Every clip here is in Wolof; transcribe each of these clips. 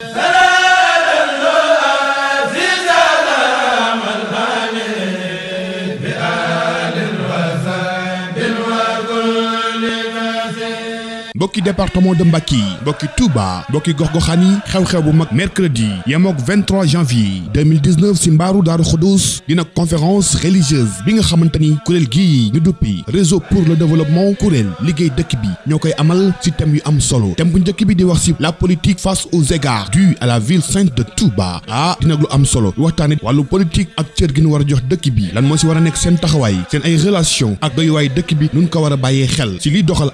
Hello! Boki département de Mbaki, Boki Touba Boki gox-goxaan xew mercredi Yamok, 23 janvier 2019 Simbaru Il y a dina conférence religieuse bi nga Kurel réseau pour le développement Kurel, Ligue Dekibi, bi amal Sitem yu am solo thème bu la politique face aux égards dus à la ville sainte de Touba à ah, dina Amsolo, am solo waxtaane Walu politique ak de gi ñu war a jox dëkk bi lan ay relation ak doyuwaay dëkk bi nun ko war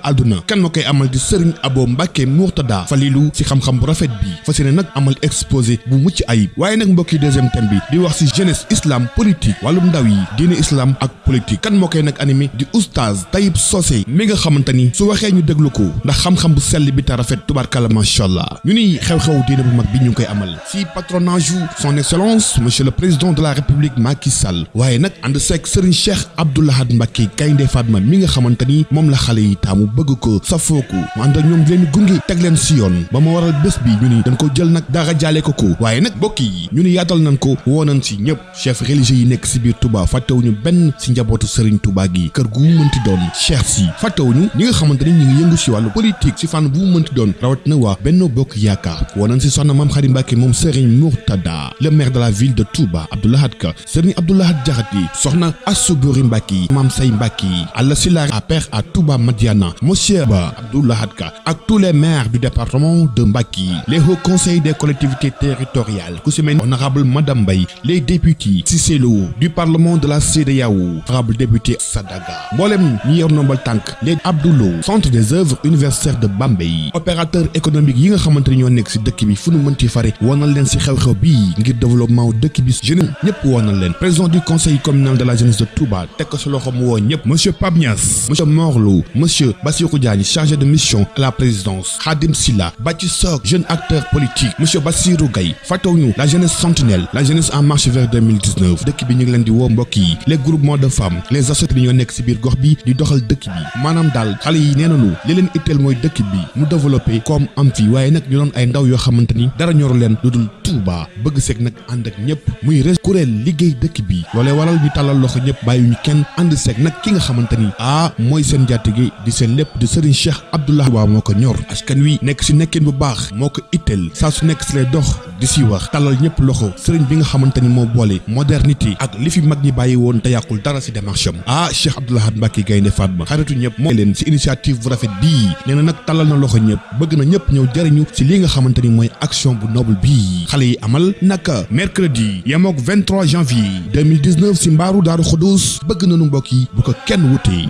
Aduna, si kan amal di serigne abo mbàkke murtada falilu ci xam-xam bu rafet bi fas nak amal exposé bu mucc ayib waye nak mbokki deuxième thème bi di wax ci jeunesse islam politique walum ndaw yi dine islam ak politique kan mokay nak animé di oustaz tayib sosé mi nga xamante su waxé ñu déglu ko ndax xam-xam bu sel bi ta rafet tubaarkàlla macha allah ñu ni xew-xew dine bu mag bi ñu koy amal ci patronage son excellence monsieur le président de la république Macky Sall waye nak ànd sek serigne cheikh abdoulahad mbàkke gaynde fatma mi nga xamante mom la xale yi tamu bëgg ko safoko mu ànd ak ñoom di leen gunge teg leen si yoon ba ma waral bés bi ñu ni dañ ko jël nag dara jaale ko ko waaye nag bokk yi ñu ni yaatal nañ ko woo nañ si ñëpp chef religieux yi nekk si biir Touba fàttewuñu benn si njabootu Serigne Touba gi kër gu mu mënti doon cheikh si fàttewuñu ñi nga xamante ni ñu ngi yëngu si wàllu politique si fànn bu mu mënti doon rawat na waa Benno Bokk Yaakaar woo nañ si soxna Maam Khary Mbacké moom Serigne Mourtada le maire de la ville de Touba Abdou Lahad Ka Serigne Abdou Lahad Diakhaté soxna Assou Boury Mbacké Maam Say Mbacké Allah Sylla à père à Touba Madiana monsieur Ba Hadka tous les maires du département de Mbaki les hauts conseils des collectivités territoriales ku honorable Madame Bay les députés Cissé du parlement de la CEDEAO honorable député Sadaga Bolem ñi yor Tank, tànk les Abdoulo centre des œuvres universitaires de Bambey opérateur économique yi nga xamante ni ñoo nekk si dëkk bi fu nu mën ci fare wanal leen si développement bi président du conseil communal de la jeunesse de Touba teg ko si monsieur Pape monsieur Morlo monsieur Basio chargé de mission à la présidence, Hadim Silla, Bati jeune acteur politique, Monsieur Bassirou fatou la jeunesse sentinelle, la jeunesse en marche vers 2019, de bi ñu les groupements de femmes les associations n'y ñoo gorbi si biir gox bi di doxal dëkk bi maanaam daal xale yi kibi nous comme amphi, ñu ay ndaw Touba bëgg seeg nag ànd ak ñëpp muy res kuréel liggéey dëkk bi loolee waral ñu tàllal loxo ñëpp ñu kenn ànd seeg nag ki nga xamante ni ah mooy seen gi di seen lépp di Serigne Cheikh Abdoulaye Touba moo ko ñor askan wi nekk si nekkin bu baax moo ko itteel saa su nekk si lay dox di si wax tàllal ñëpp loxo sëriñ bi nga xamante ni moo boole modernité ak li fi mag ñi bàyyi woon te yàqul dara si démarche am ah Cheikh Abdoul gaynde Mbacké Gaïndé xaritu ñëpp mooy leen si initiative bu rafet bii nee na nag tàllal na loxo ñëpp bëgg na ñëpp ñëw jëriñu si li nga xamante ni mooy action bu noble bii xale yi amal naka mercredi yemook 23 janvier 2019 si mbaaru daaru xudus bëgg nanu mbokk yi bu ko kenn wutee